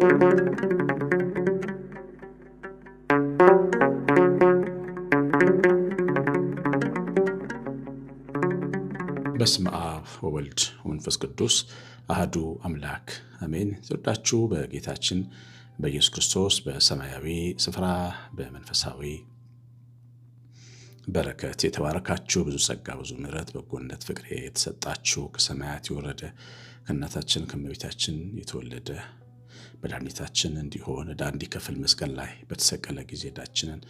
በስመ አብ ወወልድ ወመንፈስ ቅዱስ አህዱ አምላክ አሜን። ተወዳችሁ በጌታችን በኢየሱስ ክርስቶስ በሰማያዊ ስፍራ በመንፈሳዊ በረከት የተባረካችሁ ብዙ ጸጋ ብዙ ምሕረት በጎነት ፍቅሬ የተሰጣችሁ ከሰማያት የወረደ ከእናታችን ከእመቤታችን የተወለደ መድኃኒታችን እንዲሆን ዕዳ እንዲከፍል መስቀል ላይ በተሰቀለ ጊዜ ዕዳችንን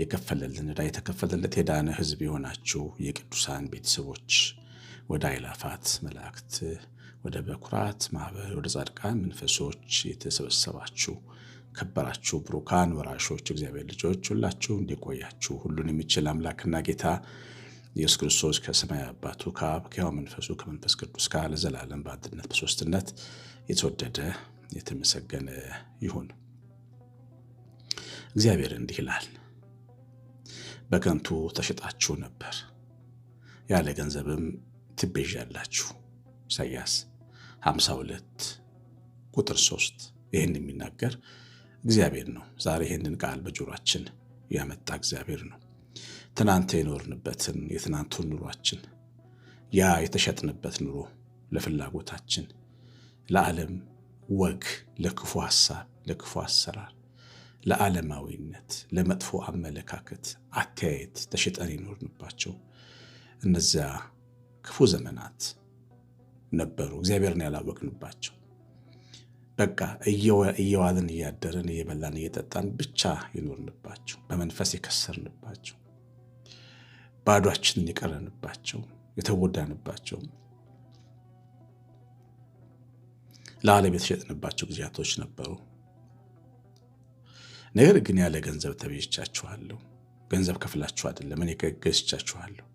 የከፈለልን ዕዳ የተከፈለለት የዳነ ሕዝብ የሆናችሁ የቅዱሳን ቤተሰቦች ወደ አይላፋት መላእክት፣ ወደ በኩራት ማኅበር፣ ወደ ጻድቃን መንፈሶች የተሰበሰባችሁ ከበራችሁ ብሩካን ወራሾች እግዚአብሔር ልጆች ሁላችሁ እንዲቆያችሁ ሁሉን የሚችል አምላክና ጌታ ኢየሱስ ክርስቶስ ከሰማይ አባቱ ከአብ ከሕያው መንፈሱ ከመንፈስ ቅዱስ ጋር ለዘላለም በአንድነት በሶስትነት የተወደደ የተመሰገነ ይሁን። እግዚአብሔር እንዲህ ይላል፣ በከንቱ ተሽጣችሁ ነበር፣ ያለ ገንዘብም ትቤዣላችሁ። ኢሳያስ 52 ቁጥር 3። ይህን የሚናገር እግዚአብሔር ነው። ዛሬ ይህንን ቃል በጆሯችን ያመጣ እግዚአብሔር ነው። ትናንት የኖርንበትን የትናንቱን ኑሯችን ያ የተሸጥንበት ኑሮ ለፍላጎታችን ለዓለም ወግ ለክፉ ሀሳብ ለክፉ አሰራር፣ ለዓለማዊነት፣ ለመጥፎ አመለካከት፣ አተያየት ተሸጠን ይኖርንባቸው። እነዚያ ክፉ ዘመናት ነበሩ። እግዚአብሔርን ያላወቅንባቸው በቃ እየዋልን እያደርን እየበላን እየጠጣን ብቻ ይኖርንባቸው በመንፈስ የከሰርንባቸው ባዷችንን የቀረንባቸው የተጎዳንባቸው ለዓለም የተሸጥንባቸው ጊዜያቶች ነበሩ። ነገር ግን ያለ ገንዘብ ተቤዥቻችኋለሁ። ገንዘብ ከፍላችሁ አይደለም እኔ ገዝቻችኋለሁ።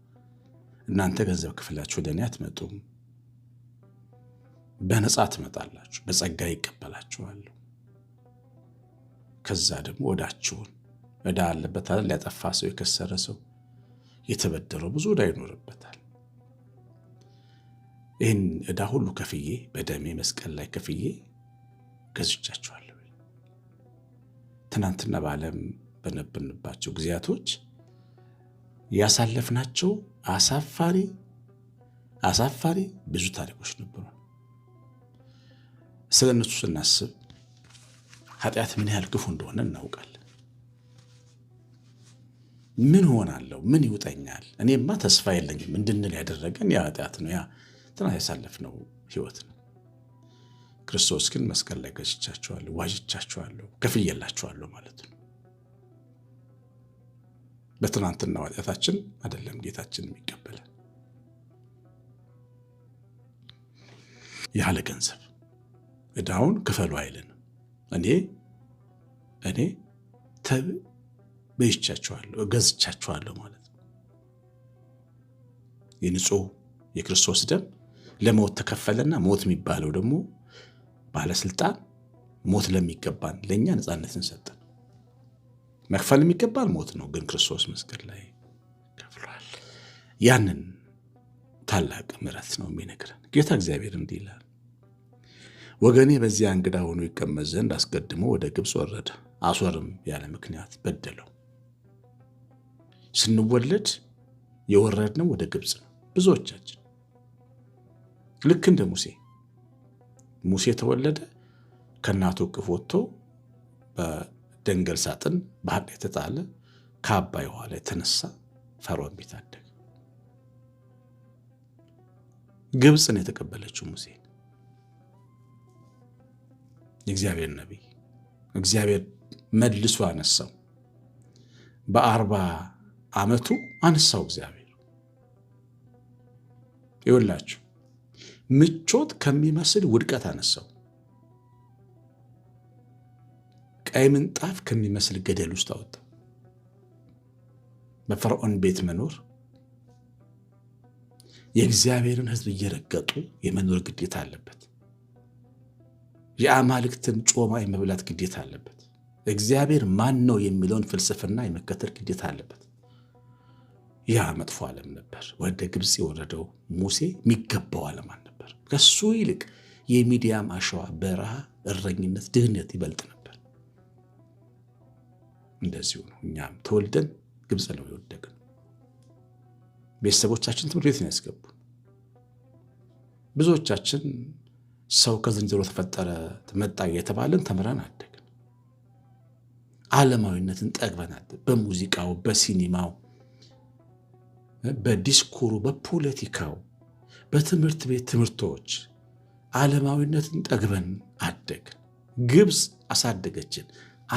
እናንተ ገንዘብ ክፍላችሁ ወደ እኔ አትመጡም። በነፃ ትመጣላችሁ፣ በጸጋ ይቀበላችኋለሁ። ከዛ ደግሞ ወዳችሁን እዳ አለበት ሊያጠፋ ሰው የከሰረ ሰው የተበደረው ብዙ ዕዳ ይኖርበታል። ይህን እዳ ሁሉ ከፍዬ በደሜ መስቀል ላይ ከፍዬ ገዝቻቸዋለሁ። ትናንትና በዓለም በነበርንባቸው ጊዜያቶች ያሳለፍናቸው አሳፋሪ አሳፋሪ ብዙ ታሪኮች ነበሩ። ስለ እነሱ ስናስብ ኃጢአት ምን ያህል ክፉ እንደሆነ እናውቃለን። ምን ሆናለሁ? ምን ይውጠኛል? እኔማ ተስፋ የለኝም እንድንል ያደረገን ያ ኃጢአት ነው። ያ ትናንትና ያሳለፍነው ህይወት ነው። ክርስቶስ ግን መስቀል ላይ ገጭቻችኋለሁ፣ ዋጅቻችኋለሁ፣ ከፍዬላችኋለሁ ማለት ነው። በትናንትና ኃጢአታችን አይደለም ጌታችን የሚቀበለ ያለ ገንዘብ እዳውን ክፈሉ አይልንም። እኔ እኔ ተቤዥቻችኋለሁ እገዝቻችኋለሁ ማለት ነው። የንጹህ የክርስቶስ ደም ለሞት ተከፈለና ሞት የሚባለው ደግሞ ባለስልጣን ሞት ለሚገባን ለእኛ ነፃነትን ሰጠን። መክፈል የሚገባን ሞት ነው፣ ግን ክርስቶስ መስቀል ላይ ከፍሏል። ያንን ታላቅ ምሕረት ነው የሚነግረን ጌታ እግዚአብሔር እንዲህ ይላል፣ ወገኔ በዚያ እንግዳ ሆኖ ይቀመጥ ዘንድ አስቀድሞ ወደ ግብፅ ወረደ። አሶርም ያለ ምክንያት በደለው። ስንወለድ የወረድነው ወደ ግብፅ ነው ብዙዎቻችን ልክ እንደ ሙሴ ሙሴ ተወለደ ከእናቱ እቅፍ ወጥቶ በደንገል ሳጥን ባህር የተጣለ ከአባይ ኋላ የተነሳ ፈርዖን ቤት አደገ። ግብፅን የተቀበለችው ሙሴ የእግዚአብሔር ነቢይ፣ እግዚአብሔር መልሶ አነሳው። በአርባ ዓመቱ አነሳው እግዚአብሔር ይወላችሁ ምቾት ከሚመስል ውድቀት አነሳው። ቀይ ምንጣፍ ከሚመስል ገደል ውስጥ አወጣው። በፈርዖን ቤት መኖር የእግዚአብሔርን ሕዝብ እየረገጡ የመኖር ግዴታ አለበት። የአማልክትን ጮማ የመብላት ግዴታ አለበት። እግዚአብሔር ማን ነው የሚለውን ፍልስፍና የመከተል ግዴታ አለበት። ያ መጥፎ ዓለም ነበር። ወደ ግብፅ የወረደው ሙሴ የሚገባው ዓለም አልነበር። ከሱ ይልቅ የሚዲያም አሸዋ በረሃ እረኝነት፣ ድህነት ይበልጥ ነበር። እንደዚሁ ነው። እኛም ተወልደን ግብፅ ነው የወደቅን። ቤተሰቦቻችን ትምህርት ቤት ነው ያስገቡ። ብዙዎቻችን ሰው ከዝንጀሮ ተፈጠረ መጣ የተባለን ተምረን አደግን። ዓለማዊነትን ጠግበናል። በሙዚቃው፣ በሲኒማው፣ በዲስኩሩ፣ በፖለቲካው በትምህርት ቤት ትምህርቶች ዓለማዊነትን ጠግበን አደግን። ግብፅ አሳደገችን፣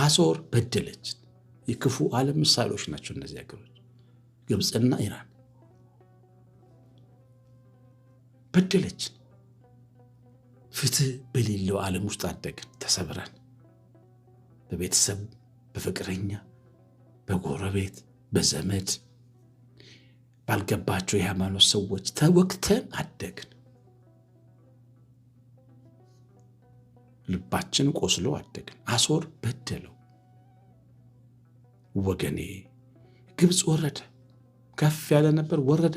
አሶር በደለችን። የክፉ ዓለም ምሳሌዎች ናቸው እነዚህ ሀገሮች ግብፅና ኢራን በደለችን። ፍትህ በሌለው ዓለም ውስጥ አደግን፣ ተሰብረን በቤተሰብ በፍቅረኛ በጎረቤት በዘመድ ባልገባቸው የሃይማኖት ሰዎች ተወቅተን አደግን። ልባችን ቆስሎ አደግን። አሶር በደለው። ወገኔ ግብፅ ወረደ፣ ከፍ ያለ ነበር ወረደ።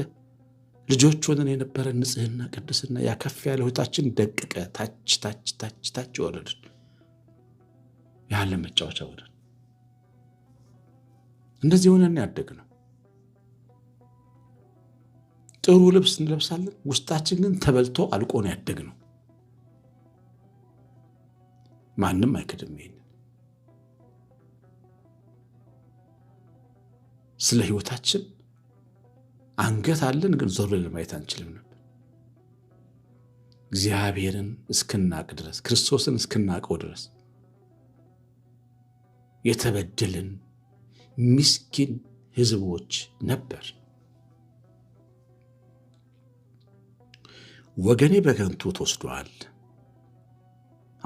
ልጆች ሆነን የነበረ ንጽህና፣ ቅድስና ያ ከፍ ያለ ሕይወታችን ደቅቀ ታች ታች ታች ታች ወረድን። ያለ መጫወቻ ወረድን። እንደዚህ ሆነን ያደግነው ጥሩ ልብስ እንለብሳለን፣ ውስጣችን ግን ተበልቶ አልቆ ነው ነው። ማንም አይክድም ይሄንን። ስለ ህይወታችን አንገት አለን፣ ግን ዞር ለማየት አንችልም ነበር። እግዚአብሔርን እስክናቅ ድረስ ክርስቶስን እስክናቀው ድረስ የተበደልን ምስኪን ህዝቦች ነበር። ወገኔ በከንቱ ተወስዷል።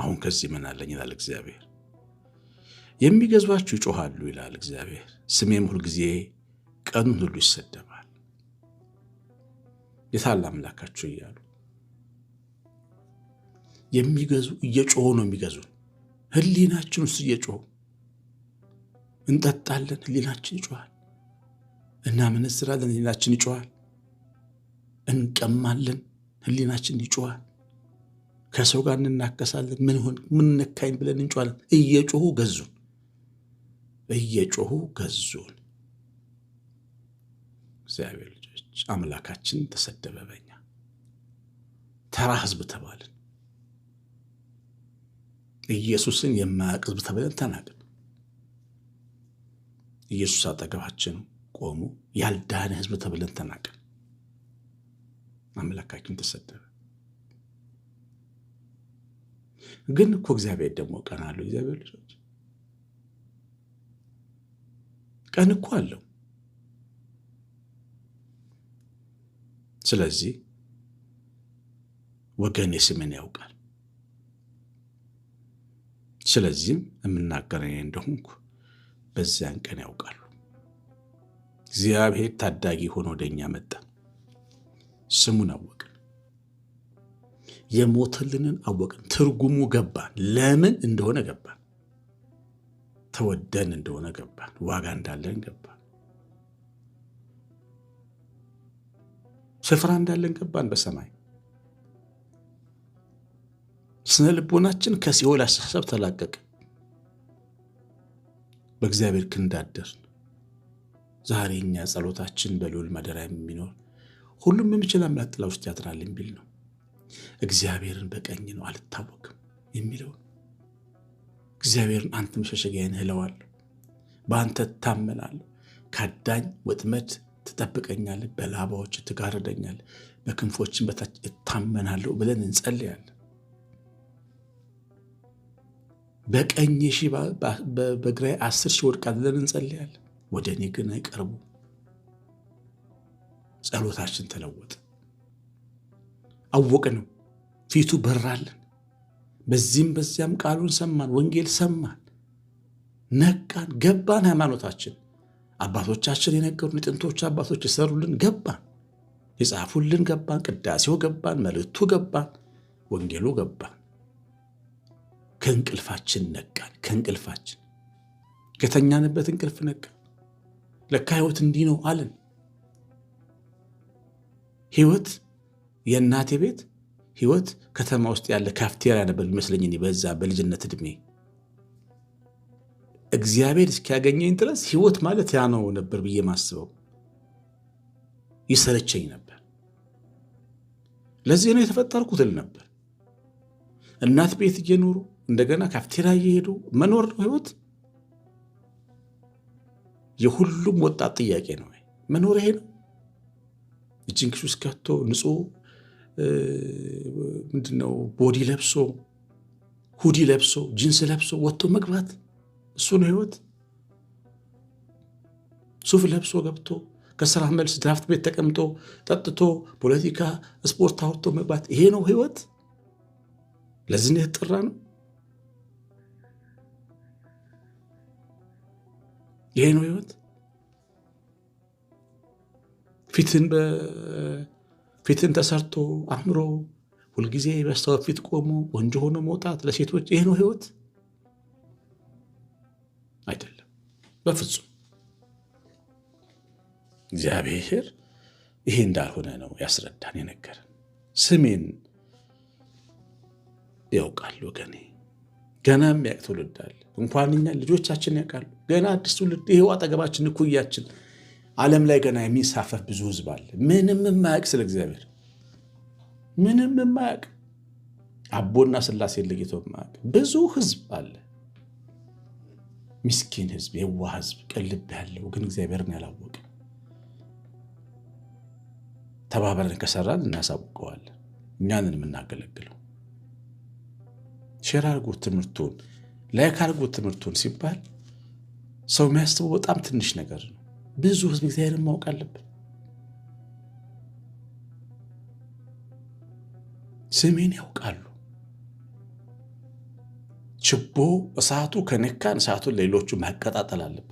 አሁን ከዚህ ምን አለኝ ይላል እግዚአብሔር። የሚገዟችሁ ይጮኋሉ ይላል እግዚአብሔር። ስሜም ሁልጊዜ ቀኑን ሁሉ ይሰደባል። የታላ አምላካችሁ እያሉ የሚገዙ እየጮሁ ነው የሚገዙን። ህሊናችን ውስጥ እየጮሁ እንጠጣለን፣ ህሊናችን ይጮሃል። እናመነዝራለን፣ ህሊናችን ይጮሃል። እንቀማለን ህሊናችን ይጮኋል። ከሰው ጋር እንናከሳለን። ምን ሆን ምን ነካኝ ብለን እንጮኋለን። እየጮሁ ገዙን፣ እየጮሁ ገዙን። እግዚአብሔር ልጆች አምላካችን ተሰደበ፣ በኛ ተራ ህዝብ ተባልን። ኢየሱስን የማያውቅ ህዝብ ተብለን ተናቅን። ኢየሱስ አጠገባችን ቆሞ ያልዳነ ህዝብ ተብለን ተናቅን። አምላካችን ተሰደበ። ግን እኮ እግዚአብሔር ደግሞ ቀን አለው። እግዚአብሔር ልጆች ቀን እኮ አለው። ስለዚህ ወገኔ ስምን ያውቃል። ስለዚህም የምናገረ እንደሆንኩ በዚያን ቀን ያውቃሉ። እግዚአብሔር ታዳጊ ሆኖ ወደኛ መጣ። ስሙን አወቅን፣ የሞተልንን አወቅን፣ ትርጉሙ ገባን፣ ለምን እንደሆነ ገባን፣ ተወደን እንደሆነ ገባን፣ ዋጋ እንዳለን ገባን፣ ስፍራ እንዳለን ገባን በሰማይ ስነ ልቦናችን ከሲኦል አስተሳሰብ ተላቀቀ። በእግዚአብሔር ክንዳደር ዛሬ እኛ ጸሎታችን በልዑል ማደሪያ የሚኖር ሁሉም የምችል አምላክ ጥላ ውስጥ ያድራል የሚል ነው። እግዚአብሔርን በቀኝ ነው አልታወቅም የሚለው እግዚአብሔርን አንተ መሸሸጊያዬን እለዋለሁ፣ በአንተ እታመናለሁ፣ ከአዳኝ ወጥመድ ትጠብቀኛለህ፣ በላባዎች ትጋርደኛለህ፣ በክንፎችን በታች እታመናለሁ ብለን እንጸልያለን። በቀኝ ሺህ በግራዬ አስር ሺህ ወድቃል ብለን እንጸልያለን። ወደ እኔ ግን አይቀርቡ ጸሎታችን ተለወጠ። አወቅነው፣ ፊቱ በራልን። በዚህም በዚያም ቃሉን ሰማን፣ ወንጌል ሰማን፣ ነቃን፣ ገባን። ሃይማኖታችን አባቶቻችን የነገሩን የጥንቶች አባቶች የሰሩልን ገባን፣ የጻፉልን ገባን፣ ቅዳሴው ገባን፣ መልእክቱ ገባን፣ ወንጌሉ ገባን። ከእንቅልፋችን ነቃን። ከእንቅልፋችን ከተኛንበት እንቅልፍ ነቃን። ለካ እንዲህ ነው አለን። ህይወት የእናቴ ቤት ህይወት ከተማ ውስጥ ያለ ካፍቴሪያ ነበር ይመስለኝ በዛ በልጅነት እድሜ እግዚአብሔር እስኪያገኘኝ ድረስ ህይወት ማለት ያ ነው ነበር ብዬ ማስበው ይሰለቸኝ ነበር። ለዚህ ነው የተፈጠርኩት እል ነበር። እናት ቤት እየኖሩ እንደገና ካፍቴሪያ እየሄዱ መኖር ነው ህይወት የሁሉም ወጣት ጥያቄ ነው። መኖር ይሄ ነው። እጅን ውስጥ ከቶ ንጹህ ምንድነው ቦዲ ለብሶ ሁዲ ለብሶ ጂንስ ለብሶ ወጥቶ መግባት እሱ ነው ህይወት። ሱፍ ለብሶ ገብቶ ከስራ መልስ ድራፍት ቤት ተቀምጦ ጠጥቶ ፖለቲካ፣ ስፖርት አውጥቶ መግባት ይሄ ነው ህይወት። ለዚህ ነው የተጠራ ነው። ይሄ ነው ህይወት። ፊትን ተሰርቶ አምሮ ሁልጊዜ በሰው ፊት ቆሞ ቆንጆ ሆኖ መውጣት ለሴቶች ይህ ነው ህይወት አይደለም፣ በፍጹም እግዚአብሔር ይሄ እንዳልሆነ ነው ያስረዳን የነገርን። ስሜን ያውቃል ወገኔ፣ ገናም ያቅ ትውልዳል እንኳን እኛ ልጆቻችን ያውቃሉ። ገና አዲስ ትውልድ ይሄው አጠገባችን እኩያችን ዓለም ላይ ገና የሚንሳፈፍ ብዙ ህዝብ አለ። ምንም የማያውቅ ስለ እግዚአብሔር ምንም የማያውቅ አቦና ስላሴ ለጌቶ የማያውቅ ብዙ ህዝብ አለ። ምስኪን ህዝብ፣ የዋ ህዝብ፣ ቅልብ ያለው ግን እግዚአብሔርን ያላወቀ ተባብረን ከሰራን እናሳውቀዋለን። እኛንን የምናገለግለው ሼር አርጎ ትምህርቱን ላይክ አድርጎ ትምህርቱን ሲባል ሰው የሚያስበው በጣም ትንሽ ነገር ነው። ብዙ ህዝብ እግዚአብሔርን ማወቅ አለብን። ስሜን ያውቃሉ። ችቦ እሳቱ ከነካን እሳቱን ሌሎቹ መቀጣጠል አለብን።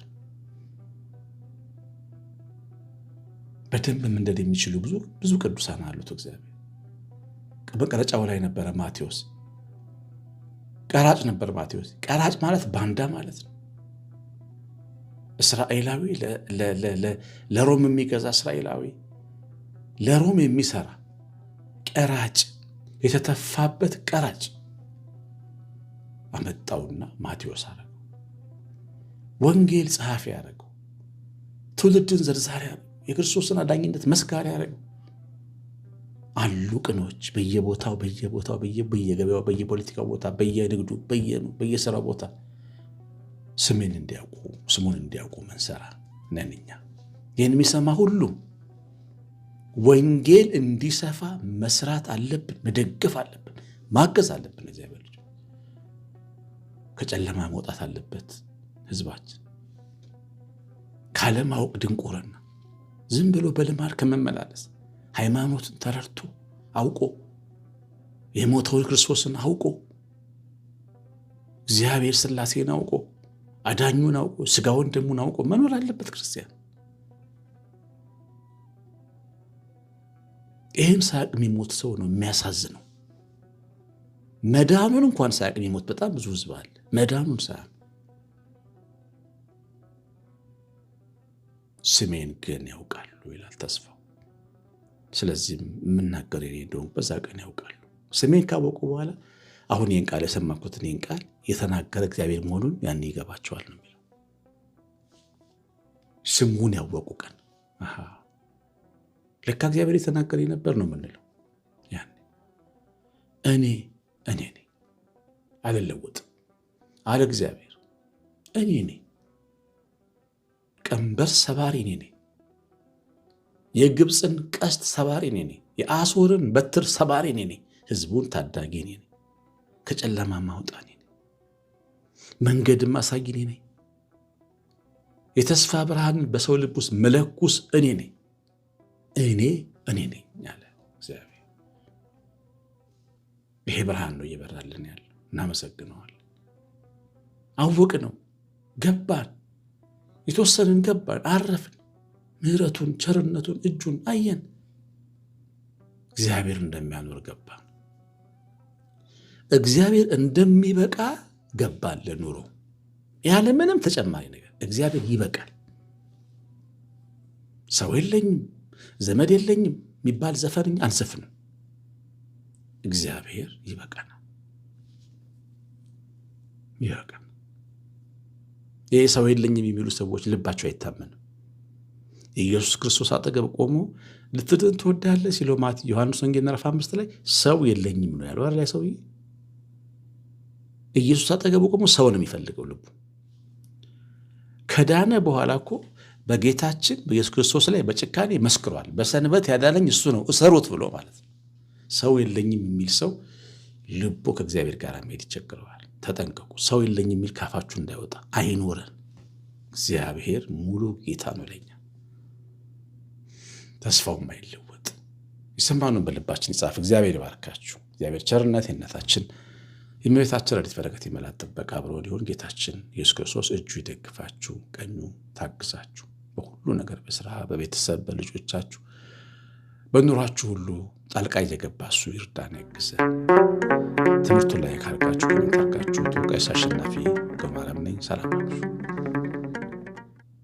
በደንብ ምንደድ የሚችሉ ብዙ ብዙ ቅዱሳን አሉት። እግዚአብሔር በቀረጫው ላይ ነበረ ማቴዎስ ቀራጭ ነበር። ማቴዎስ ቀራጭ ማለት ባንዳ ማለት ነው። እስራኤላዊ ለሮም የሚገዛ እስራኤላዊ ለሮም የሚሰራ ቀራጭ የተተፋበት ቀራጭ አመጣውና ማቴዎስ አደረገው። ወንጌል ጸሐፊ ያደረገው፣ ትውልድን ዘርዛሪ የክርስቶስን አዳኝነት መስካሪ ያደረገው። አሉ ቅኖች በየቦታው በየቦታው በየገበያው በየፖለቲካው ቦታ በየንግዱ በየስራ ቦታ ስሜን እንዲያውቁ ስሙን እንዲያውቁ መንሰራ ነንኛ ይህን የሚሰማ ሁሉ ወንጌል እንዲሰፋ መስራት አለብን፣ መደገፍ አለብን፣ ማገዝ አለብን። እግዚአብሔር ልጅ ከጨለማ መውጣት አለበት። ህዝባችን ካለማወቅ ድንቁርና ዝም ብሎ በልማድ ከመመላለስ ሃይማኖትን ተረድቶ አውቆ የሞተውን ክርስቶስን አውቆ እግዚአብሔር ስላሴን አውቆ አዳኙን አውቆ ስጋውን ደሙን አውቆ መኖር አለበት ክርስቲያን። ይህን ሳያውቅ የሚሞት ሰው ነው የሚያሳዝነው። መዳኑን እንኳን ሳያውቅ የሚሞት በጣም ብዙ ህዝብ አለ። መዳኑን ሳያ ስሜን ግን ያውቃሉ ይላል ተስፋው። ስለዚህ የምናገር የኔ እንደሆንኩ በዛ ቀን ያውቃሉ። ስሜን ካወቁ በኋላ አሁን ይህን ቃል የሰማኩትን ይህን ቃል የተናገረ እግዚአብሔር መሆኑን ያን ይገባቸዋል ነው የሚለው። ስሙን ያወቁ ቀን ለካ እግዚአብሔር የተናገረ ነበር ነው የምንለው። እኔ እኔ እኔ አልለወጥም አለ እግዚአብሔር። እኔ እኔ ቀንበር ሰባሪ እኔ እኔ የግብፅን ቀስት ሰባሪ እኔ እኔ የአሶርን በትር ሰባሪ እኔ እኔ ህዝቡን ታዳጊ እኔ እኔ ከጨለማ ማውጣ ነኝ። መንገድም አሳይ ነኝ። የተስፋ ብርሃን በሰው ልብ ውስጥ መለኩስ እኔ ነኝ። እኔ እኔ ነኝ አለ እግዚአብሔር። ይሄ ብርሃን ነው እየበራልን ያለ። እናመሰግነዋል። አወቅ ነው ገባን፣ የተወሰንን ገባን፣ አረፍን። ምሕረቱን ቸርነቱን እጁን አየን። እግዚአብሔር እንደሚያኖር ገባን። እግዚአብሔር እንደሚበቃ ገባለ ለኑሮ ያለ ምንም ተጨማሪ ነገር እግዚአብሔር ይበቃል። ሰው የለኝም ዘመድ የለኝም የሚባል ዘፈን አንሰፍንም። እግዚአብሔር ይበቃናል፣ ይበቃ። ይህ ሰው የለኝም የሚሉ ሰዎች ልባቸው አይታመንም። ኢየሱስ ክርስቶስ አጠገብ ቆሞ ልትድን ትወዳለህ ሲለው ማት ዮሐንስ ወንጌል ምዕራፍ አምስት ላይ ሰው የለኝም ነው ያለው ላይ ሰውዬ ኢየሱስ አጠገቡ ቆሞ ሰው ነው የሚፈልገው ልቡ ከዳነ በኋላ እኮ በጌታችን በኢየሱስ ክርስቶስ ላይ በጭካኔ መስክሯል። በሰንበት ያዳነኝ እሱ ነው እሰሩት ብሎ ማለት ነው። ሰው የለኝም የሚል ሰው ልቦ ከእግዚአብሔር ጋር መሄድ ይቸግረዋል። ተጠንቀቁ። ሰው የለኝም የሚል ካፋችሁ እንዳይወጣ አይኖረን። እግዚአብሔር ሙሉ ጌታ ነው ለኛ፣ ተስፋውም አይለወጥ። የሰማነውን በልባችን ይጻፍ። እግዚአብሔር ይባርካችሁ። እግዚአብሔር ቸርነት የነታችን የእመቤታችን ረድኤት በረከት የመላእክት ጥበቃ አብሮ ሊሆን ጌታችን ኢየሱስ ክርስቶስ እጁ ይደግፋችሁ፣ ቀኙ ታግዛችሁ፣ በሁሉ ነገር በስራ በቤተሰብ በልጆቻችሁ በኑሯችሁ ሁሉ ጣልቃ እየገባ እሱ ይርዳን ያግዘ። ትምህርቱ ላይ ካልጋችሁ ከሚታጋችሁ ተወቃሽ አሸናፊ ገብረማርያም ነኝ። ሰላም